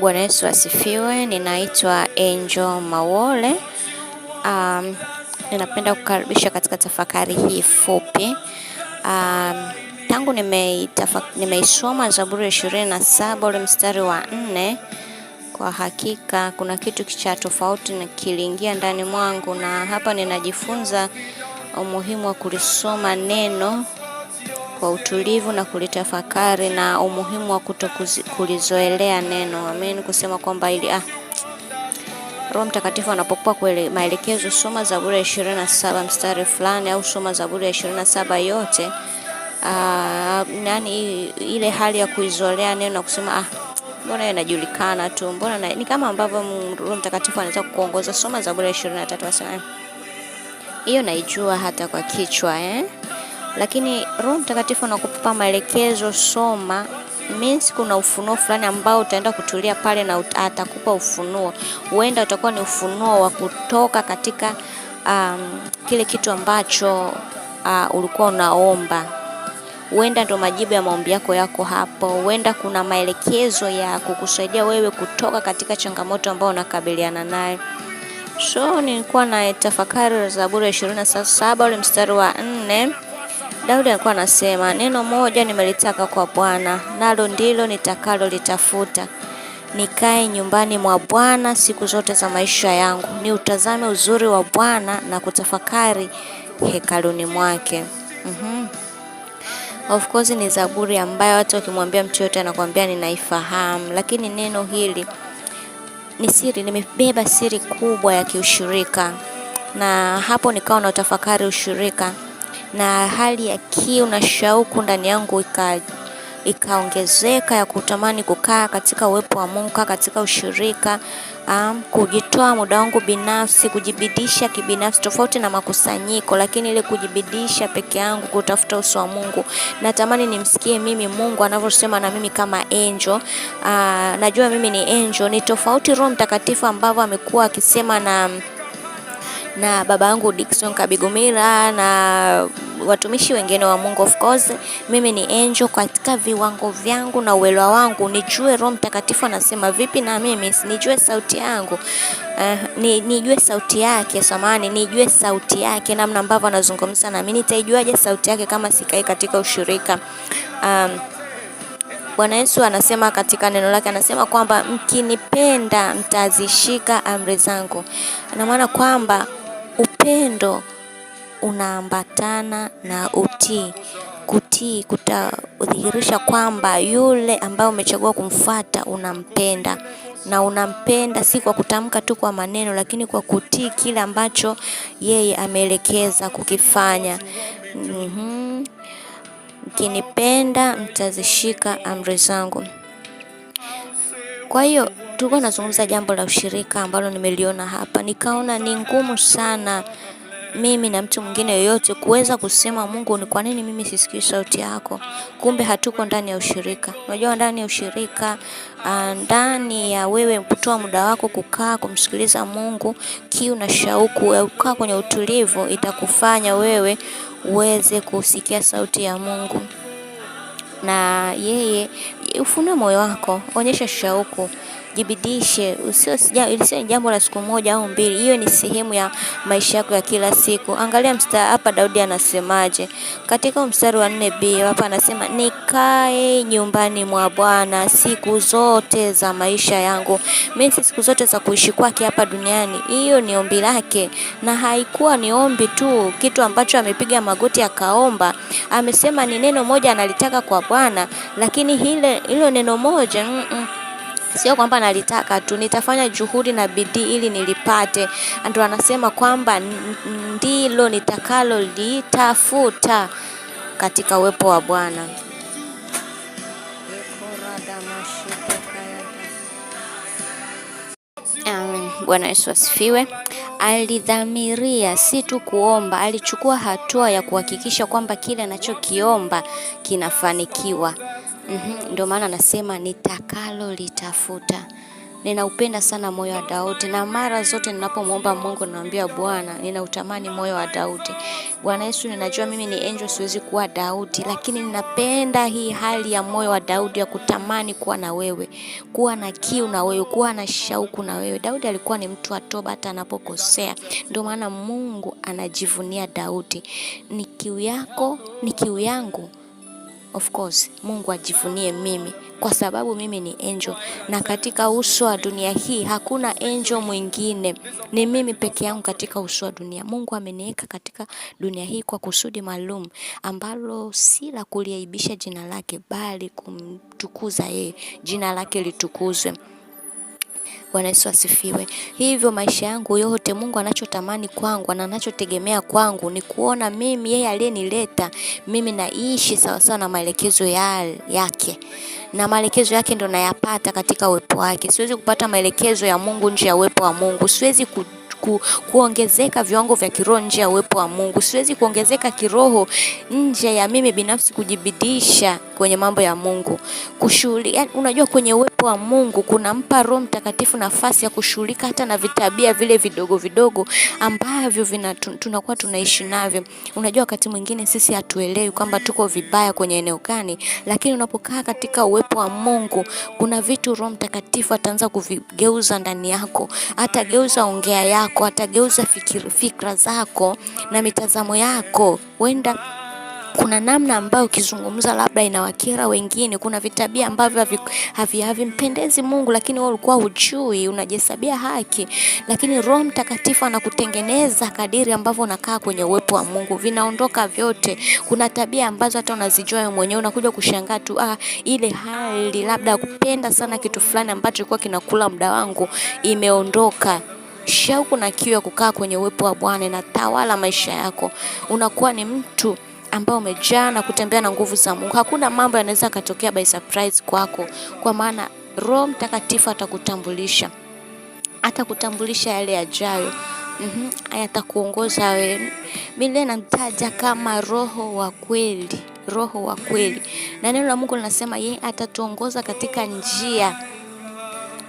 Bwana Yesu asifiwe. Ninaitwa Angel Mawole. Um, ninapenda kukaribisha katika tafakari hii fupi. Um, tangu nimeisoma nime Zaburi ishirini na saba ule mstari wa nne, kwa hakika kuna kitu cha tofauti na kiliingia ndani mwangu, na hapa ninajifunza umuhimu wa kulisoma neno kwa utulivu na kulitafakari na umuhimu wa kuto kulizoelea neno. Amen, kusema kwamba ili ah, Roho Mtakatifu anapokupa maelekezo, soma Zaburi ya ishirini na saba mstari fulani au soma Zaburi ya ishirini na saba yote. Ah, nani ile hali ya kuizoelea neno na kusema ah, mbona inajulikana tu, mbona ni kama ambavyo Roho Mtakatifu anaweza kukuongoza. Soma Zaburi ya ishirini na tatu asema eh. hiyo naijua hata kwa kichwa eh? lakini Roho Mtakatifu anakupa maelekezo, soma means kuna ufunuo fulani ambao utaenda kutulia pale na atakupa ufunuo. Huenda utakuwa ni ufunuo wa kutoka katika um, kile kitu ambacho uh, ulikuwa unaomba. Huenda ndo majibu ya maombi yako yako hapo. Huenda kuna maelekezo ya kukusaidia wewe kutoka katika changamoto ambayo unakabiliana nayo. So nilikuwa na tafakari Zaburi ya ishirini na saba ule mstari wa nne Daudi alikuwa anasema, neno moja nimelitaka kwa Bwana, nalo ndilo nitakalolitafuta nikae nyumbani mwa Bwana siku zote za maisha yangu, ni utazame uzuri wa Bwana na kutafakari hekaluni mwake. mm -hmm. Of course ni Zaburi ambayo watu wakimwambia mtu yote anakuambia ninaifahamu, lakini neno hili ni siri, limebeba siri kubwa ya kiushirika, na hapo nikawa na utafakari ushirika na hali ya kiu na shauku ndani yangu ikaongezeka, ya kutamani kukaa katika uwepo wa Mungu, katika ushirika um, kujitoa muda wangu binafsi, kujibidisha kibinafsi, tofauti na makusanyiko, lakini ile kujibidisha peke yangu, kutafuta uso wa Mungu. Natamani nimsikie mimi Mungu anavyosema na mimi kama angel. Uh, najua mimi ni angel, ni tofauti Roho Mtakatifu ambavyo amekuwa akisema na na baba yangu Dickson Kabigumira na watumishi wengine wa Mungu. Of course mimi ni angel katika viwango vyangu na uelewa wangu, nijue Roho Mtakatifu anasema vipi na mimi, nijue sauti yangu uh, nijue sauti yake samani, nijue sauti yake namna ambavyo anazungumza nami. Nitaijuaje sauti yake kama sikai katika ushirika um, Bwana Yesu anasema katika neno lake, anasema kwamba mkinipenda mtazishika amri zangu. na maana kwamba Upendo unaambatana na utii. Kutii kutadhihirisha kwamba yule ambaye umechagua kumfuata unampenda, na unampenda si kwa kutamka tu kwa maneno, lakini kwa kutii kile ambacho yeye ameelekeza kukifanya. Mm-hmm. Mkinipenda mtazishika amri zangu. Kwa hiyo tulikuwa nazungumza jambo la ushirika ambalo nimeliona hapa, nikaona ni ngumu sana mimi na mtu mwingine yoyote kuweza kusema Mungu, ni kwa nini mimi sisikii sauti yako? Kumbe hatuko ndani ya ushirika. Unajua, ndani ya ushirika, ah, ndani ya wewe kutoa muda wako kukaa kumsikiliza Mungu, kiu na shauku ya eh, kukaa kwenye utulivu, itakufanya wewe uweze kusikia sauti ya Mungu na yeye, ufunue moyo wako, onyesha shauku jibidishe, usio sio jambo la siku moja au mbili, hiyo ni sehemu ya maisha yako ya kila siku. Angalia mstari hapa, Daudi anasemaje katika mstari wa 4b hapa? Anasema nikae nyumbani mwa Bwana siku zote za maisha yangu, mimi siku zote za kuishi kwake hapa duniani. Hiyo ni ombi lake, na haikuwa ni ombi tu, kitu ambacho amepiga magoti akaomba. Amesema ni neno moja analitaka kwa Bwana, lakini hilo hilo neno moja mm -mm sio kwamba nalitaka tu, nitafanya juhudi na bidii ili nilipate. Ndio anasema kwamba ndilo nitakalolitafuta katika uwepo wa Bwana. Bwana Yesu asifiwe. Alidhamiria si tu kuomba, alichukua hatua ya kuhakikisha kwamba kile anachokiomba kinafanikiwa mm -hmm. Ndio maana anasema nitakalo litafuta. Ninaupenda sana moyo wa Daudi, na mara zote ninapomwomba Mungu ninamwambia Bwana, ninautamani moyo wa Daudi. Bwana Yesu, ninajua mimi ni angel, siwezi kuwa Daudi, lakini ninapenda hii hali ya moyo wa Daudi ya kutamani kuwa na wewe, kuwa na kiu na wewe, kuwa na shauku na wewe. Daudi alikuwa ni mtu wa toba hata anapokosea, ndio maana Mungu anajivunia Daudi. Ni kiu yako, ni kiu yangu Of course Mungu ajivunie mimi kwa sababu mimi ni angel, na katika uso wa dunia hii hakuna angel mwingine, ni mimi peke yangu katika uso wa dunia. Mungu ameniweka katika dunia hii kwa kusudi maalum ambalo si la kuliaibisha jina lake, bali kumtukuza yeye, jina lake litukuzwe. Bwana Yesu asifiwe. Hivyo maisha yangu yote Mungu anachotamani kwangu na anachotegemea kwangu ni kuona mimi yeye aliyenileta mimi naishi sawasawa na maelekezo ya, yake na maelekezo yake ndo nayapata katika uwepo wake. Siwezi kupata maelekezo ya Mungu nje ya uwepo wa Mungu. Siwezi ku Ku, kuongezeka viwango vya kiroho nje ya uwepo wa Mungu. Siwezi kuongezeka kiroho nje ya mimi binafsi kujibidisha kwenye mambo ya Mungu kushughulika. Yani, unajua kwenye uwepo wa Mungu kunampa Roho Mtakatifu nafasi ya kushughulika hata na vitabia vile vidogo vidogo ambavyo vina tunakuwa tunaishi navyo. Unajua wakati mwingine sisi hatuelewi kwamba tuko vibaya kwenye eneo gani, lakini unapokaa katika uwepo wa Mungu kuna vitu Roho Mtakatifu ataanza kuvigeuza ndani yako, atageuza ongea yako, atageuza fikira, fikra zako na mitazamo yako huenda kuna namna ambayo ukizungumza labda inawakera wengine, kuna vitabia ambavyo havimpendezi Mungu, lakini wewe ulikuwa hujui, unajihesabia haki, lakini Roho Mtakatifu anakutengeneza kadiri ambavyo unakaa kwenye uwepo wa Mungu, vinaondoka vyote. Kuna tabia ambazo hata unazijua wewe mwenyewe, unakuja kushangaa tu, ah, ile hali labda kupenda sana kitu fulani ambacho ilikuwa kinakula muda wangu imeondoka. Shauku na kiu ya kukaa kwenye uwepo wa Bwana na tawala maisha yako, unakuwa ni mtu ambao umejaa na kutembea na nguvu za Mungu. Hakuna mambo yanaweza katokea by surprise kwako, kwa maana Roho Mtakatifu atakutambulisha, atakutambulisha yale yajayo. Mm -hmm. Atakuongoza wewe. Mimi namtaja kama roho wa kweli, roho wa kweli, na neno la Mungu linasema yeye atatuongoza katika njia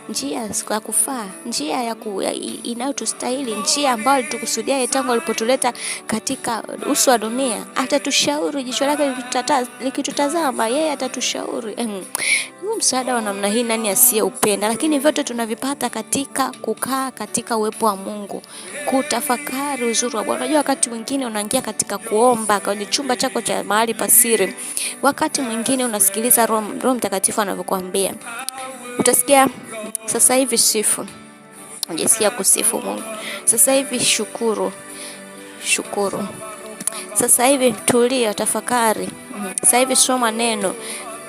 njia ya kufaa, njia ya inayotustahili, njia ambayo alitukusudia tangu alipotuleta katika uso wa dunia. Atatushauri, jicho lake likitutazama, yeye atatushauri huu msaada wa namna hii nani asiyeupenda? Lakini vyote tunavipata katika kukaa katika uwepo wa Mungu, kutafakari uzuri wa Bwana. Unajua, wakati mwingine unaingia katika kuomba kwenye chumba chako cha mahali pa siri, wakati mwingine unasikiliza Roho Mtakatifu anavyokuambia, utasikia sasa hivi sifu, ujasikia kusifu Mungu. Sasa hivi shukuru, shukuru. Sasa hivi tulia, tafakari. Sasa hivi soma neno.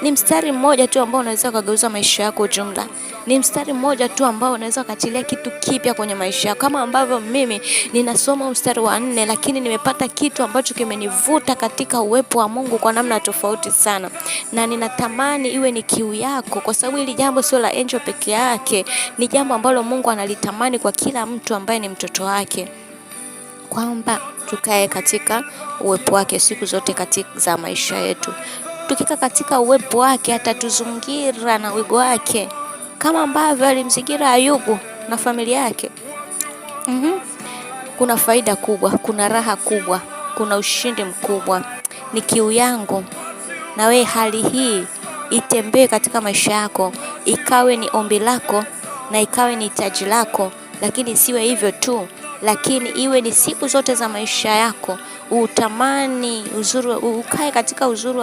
Ni mstari mmoja tu ambao unaweza kugeuza maisha yako ujumla ni mstari mmoja tu ambao unaweza ukachilia kitu kipya kwenye maisha yako, kama ambavyo mimi ninasoma mstari wa nne, lakini nimepata kitu ambacho kimenivuta katika uwepo wa Mungu kwa namna tofauti sana, na ninatamani iwe ni kiu yako, kwa sababu hili jambo sio la Angel peke yake, ni jambo ambalo Mungu analitamani kwa kila mtu ambaye ni mtoto wake kwamba tukae katika uwepo wake siku zote katika za maisha yetu. Tukika katika uwepo wake, atatuzungira na wigo wake kama ambavyo alimzingira Ayubu na familia yake. mm -hmm. Kuna faida kubwa, kuna raha kubwa, kuna ushindi mkubwa. Ni kiu yangu na we hali hii itembee katika maisha yako, ikawe ni ombi lako na ikawe ni hitaji lako, lakini siwe hivyo tu lakini iwe ni siku zote za maisha yako, utamani uzuri, ukae katika uzuri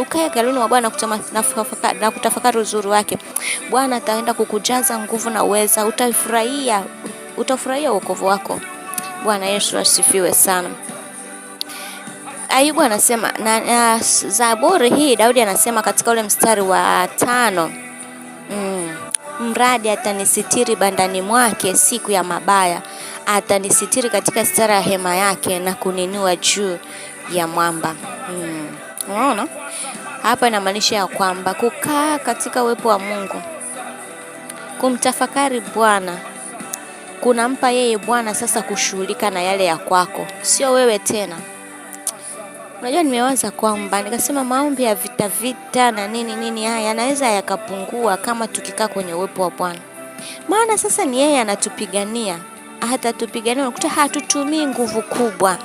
ukae hekaluni wa Bwana na kutafakari uzuri wake. Bwana ataenda kukujaza nguvu na uweza, utafurahia, utafurahia wokovu wako. Bwana Yesu asifiwe sana. Ayubu anasema na, na Zaburi hii Daudi anasema katika ule mstari wa tano mm, mradi atanisitiri bandani mwake siku ya mabaya atanisitiri katika sitara ya hema yake na kuninua juu ya mwamba. Hmm. Unaona? Hapa inamaanisha ya kwamba kukaa katika uwepo wa Mungu, kumtafakari Bwana kunampa yeye Bwana sasa kushughulika na yale ya kwako, sio wewe tena. Unajua, nimewaza kwamba nikasema maombi ya vita vita na nini nini haya yanaweza yakapungua kama tukikaa kwenye uwepo wa Bwana, maana sasa ni yeye anatupigania hata tupigane, unakuta hatutumii nguvu kubwa.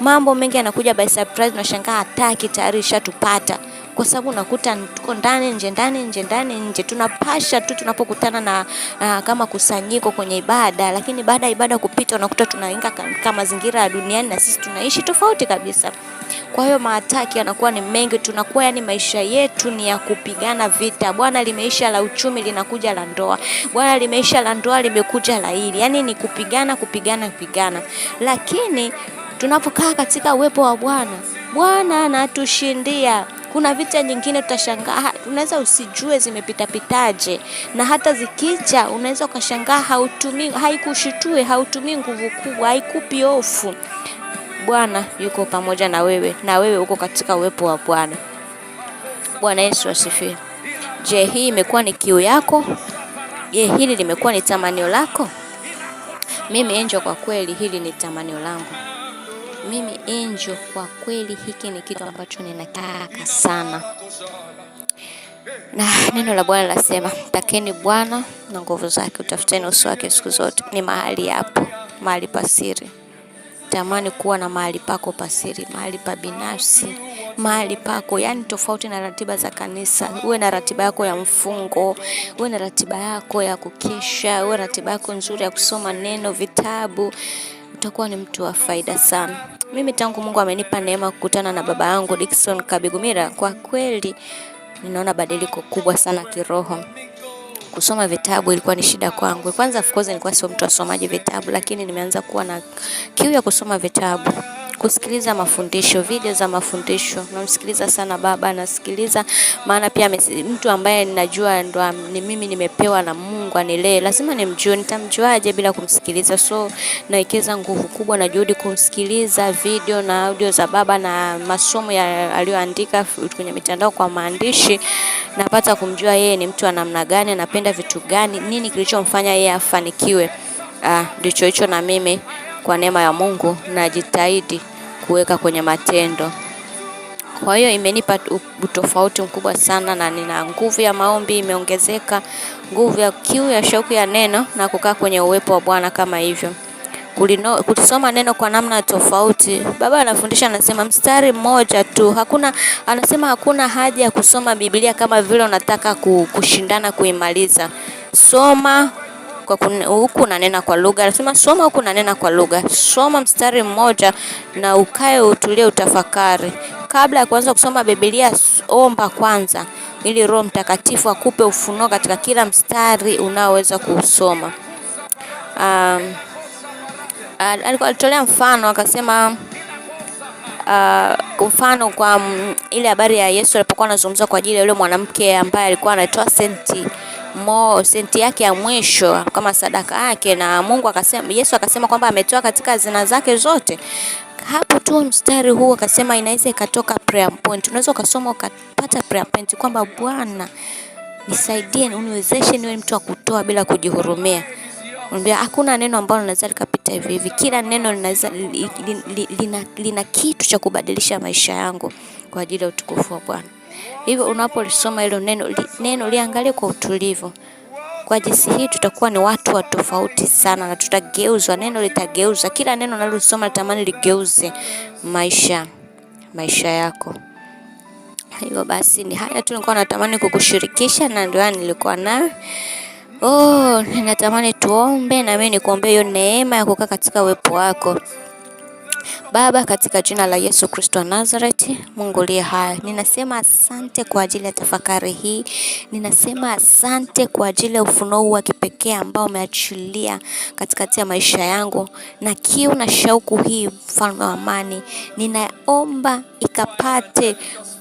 Mambo mengi yanakuja by surprise, unashangaa hataki, tayari ishatupata kwa sababu unakuta tuko ndani nje, ndani nje, ndani nje, tunapasha tu tunapokutana na, uh, kama kusanyiko kwenye ibada, lakini baada ya ibada kupita unakuta tunainga kama mazingira ya duniani na sisi tunaishi tofauti kabisa. Kwa hiyo maataki yanakuwa ni mengi, tunakuwa yani maisha yetu ni ya kupigana vita. Bwana limeisha la uchumi, linakuja la ndoa. Bwana limeisha la ndoa, limekuja la hili. Yani ni kupigana, kupigana, kupigana. Lakini tunapokaa katika uwepo wa Bwana, Bwana anatushindia. Kuna vita nyingine utashangaa, unaweza usijue zimepitapitaje, na hata zikicha unaweza ukashangaa hautumii, haikushitue, hautumii nguvu kubwa, haikupi hofu. Bwana yuko pamoja na wewe na wewe uko katika uwepo wa Bwana. Bwana Yesu asifiwe. Je, hii imekuwa ni kiu yako? Je, hili limekuwa ni tamanio lako? Mimi Angel, kwa kweli hili ni tamanio langu. Mimi Angel, kwa kweli hiki ni kitu ambacho ninakitaka sana, na neno la Bwana lasema, mtakeni Bwana na nguvu zake, utafuteni uso wake siku zote. Ni mahali hapo, mahali pasiri unatamani kuwa na mahali pako pa siri, mahali pa binafsi, mahali pako yani, tofauti na ratiba za kanisa. Uwe na ratiba yako ya mfungo, uwe na ratiba yako ya kukesha, uwe ratiba yako nzuri ya kusoma neno, vitabu. Utakuwa ni mtu wa faida sana. Mimi tangu Mungu amenipa neema kukutana na baba yangu Dickson Kabigumira, kwa kweli ninaona badiliko kubwa sana kiroho kusoma vitabu ilikuwa ni shida kwangu. Kwanza of course nilikuwa sio mtu asomaji vitabu, lakini nimeanza kuwa na kiu ya kusoma vitabu kusikiliza mafundisho, video za mafundisho. Namsikiliza sana baba, nasikiliza maana pia mtu ambaye ninajua ndo ni mimi nimepewa na Mungu anilee, lazima nimjue. Nitamjuaje bila kumsikiliza? So nawekeza nguvu kubwa na juhudi kumsikiliza video na audio za baba na masomo aliyoandika kwenye mitandao kwa maandishi. Napata kumjua yeye ni mtu wa namna gani, anapenda vitu gani, nini kilichomfanya yeye afanikiwe. Ah, ndicho ah, hicho na mimi kwa neema ya Mungu najitahidi kuweka kwenye matendo. Kwa hiyo imenipa utofauti mkubwa sana, na nina nguvu ya maombi imeongezeka, nguvu ya kiu ya shauku ya neno na kukaa kwenye uwepo wa Bwana kama hivyo Kulino, kulisoma neno kwa namna tofauti. Baba anafundisha anasema mstari mmoja tu, hakuna anasema hakuna haja ya kusoma Biblia kama vile unataka kushindana kuimaliza. Soma kwa kun, huku unanena kwa lugha, anasema soma huku unanena kwa lugha, soma mstari mmoja na ukae utulie, utafakari kabla ya kuanza kusoma Biblia. Omba kwanza ili Roho Mtakatifu akupe ufunuo katika kila mstari unaoweza kusoma. Um, alitolea mfano akasema Uh, mfano kwa m, mm, ile habari ya Yesu alipokuwa anazungumza kwa ajili ya yule mwanamke ambaye alikuwa anatoa senti mo senti yake ya mwisho kama sadaka yake, na Mungu akasema, Yesu akasema kwamba ametoa katika hazina zake zote. Hapo tu mstari huu akasema inaweza ikatoka prayer point, unaweza ukasoma ukapata prayer point kwamba Bwana nisaidie, uniwezeshe niwe mtu wa kutoa bila kujihurumia. Unambia hakuna neno ambalo linaweza likapita hivi hivi, kila neno linaweza lina, lina, lina kitu cha kubadilisha maisha yangu kwa ajili ya utukufu wa Bwana. Hivyo unapolisoma hilo neno, neno liangalie kwa utulivu. Kwa jinsi hii tutakuwa ni watu wa tofauti sana, na tutageuzwa. Neno litageuza kila neno nalosoma, litamani ligeuze maisha maisha yako. Hivyo basi, ni haya tu nilikuwa natamani kukushirikisha, na ndio nilikuwa na Oh, ninatamani tuombe na mimi nikuombe hiyo neema ya kukaa katika uwepo wako. Baba, katika jina la Yesu Kristo wa Nazareti, Mungu uliye hai, ninasema asante kwa ajili ya tafakari hii. Ninasema asante kwa ajili ya ufunuo huu wa kipekee ambao umeachilia katikati ya maisha yangu na kiu na shauku hii, mfalme wa amani, ninaomba ikapate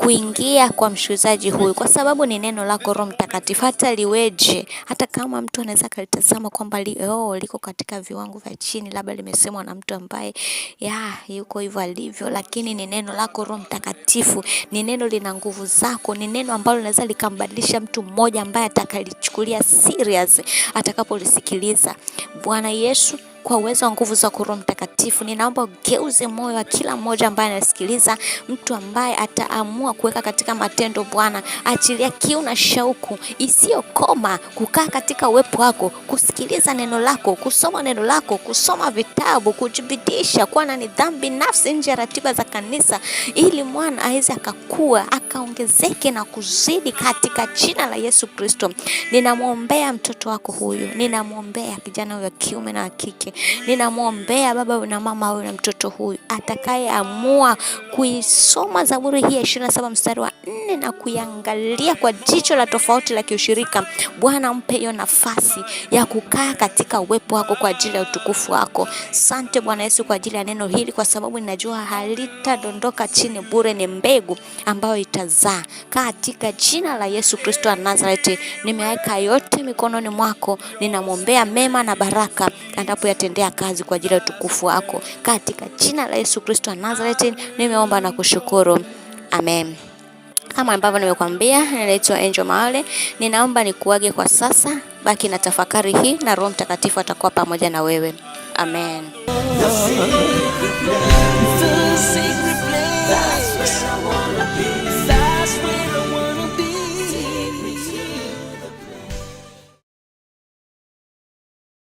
kuingia kwa mshuzaji huyu, kwa sababu ni neno lako Roho Mtakatifu, hata liweje, hata kama mtu anaweza akalitazama kwamba oh, liko katika viwango vya chini, labda limesemwa na mtu ambaye ya yuko hivyo alivyo, lakini ni neno lako Roho Mtakatifu, ni neno lina nguvu zako, ni neno ambalo linaweza likambadilisha mtu mmoja ambaye atakalichukulia serious atakapolisikiliza. Bwana Yesu kwa uwezo wa nguvu za Roho Mtakatifu, ninaomba ugeuze moyo wa kila mmoja ambaye anasikiliza, mtu ambaye ataamua kuweka katika matendo. Bwana, achilia kiu na shauku isiyokoma kukaa katika uwepo wako, kusikiliza neno lako, kusoma neno lako, kusoma vitabu, kujibidisha, kuwa na nidhamu binafsi nje ya ratiba za kanisa, ili mwana aweze akakua, akaongezeke na kuzidi katika jina la Yesu Kristo. Ninamwombea mtoto wako huyu, ninamwombea kijana huyo wa kiume na wa kike, ninamwombea baba na mama huyu na mtoto huyu atakayeamua kuisoma Zaburi hii ya ishirini na saba mstari wa nne na kuiangalia kwa jicho la tofauti la kiushirika. Bwana, mpe hiyo nafasi ya kukaa katika uwepo wako kwa ajili ya utukufu wako. Sante Bwana Yesu kwa ajili ya neno hili, kwa sababu ninajua halitadondoka chini bure, ni mbegu ambayo itazaa katika jina la Yesu Kristo wa Nazareti. Nimeweka yote mikononi mwako, ninamwombea mema na baraka anapoyate kutendea kazi kwa ajili ya utukufu wako, katika jina la Yesu Kristo wa Nazareti nimeomba na kushukuru, amen. Kama ambavyo nimekwambia, ninaitwa Angel Maole, ninaomba nikuage kwa sasa. Baki na tafakari hii na Roho Mtakatifu atakuwa pamoja na wewe, amen. The secret, the secret